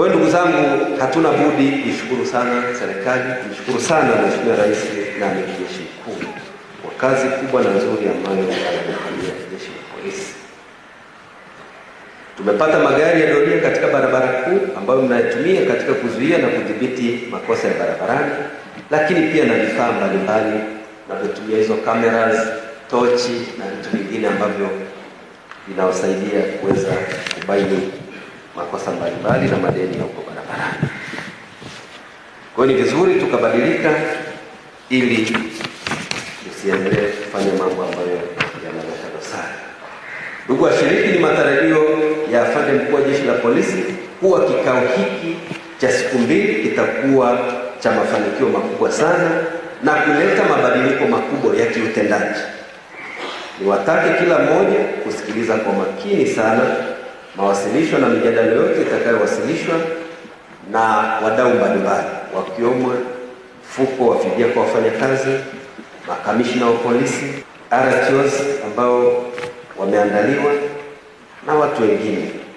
Kwa hiyo ndugu zangu, hatuna budi nishukuru sana serikali, nishukuru sana Mheshimiwa Rais na Amiri Jeshi Mkuu kwa kazi kubwa na nzuri ambayo wanafanyia jeshi la polisi. Tumepata magari ya doria katika barabara kuu ambayo mnayatumia katika kuzuia na kudhibiti makosa ya barabarani, lakini pia na vifaa mbalimbali navyotumia hizo cameras, tochi na vitu vingine ambavyo vinawasaidia kuweza kubaini makosa mbalimbali na madeni ya huko barabarani. Kwa ni vizuri tukabadilika, ili tusiendelee kufanya mambo ambayo yanaleta dosari. Ndugu washiriki, ni matarajio ya afande mkuu wa jeshi la polisi kuwa kikao hiki cha siku mbili kitakuwa cha mafanikio makubwa sana na kuleta mabadiliko makubwa ya kiutendaji. Niwatake kila mmoja kusikiliza kwa makini sana mawasilisho na mijadala yote itakayowasilishwa na wadau mbalimbali wakiwemo mfuko wa fidia kwa wafanyakazi, makamishina wa polisi, RTOs ambao wameandaliwa na watu wengine.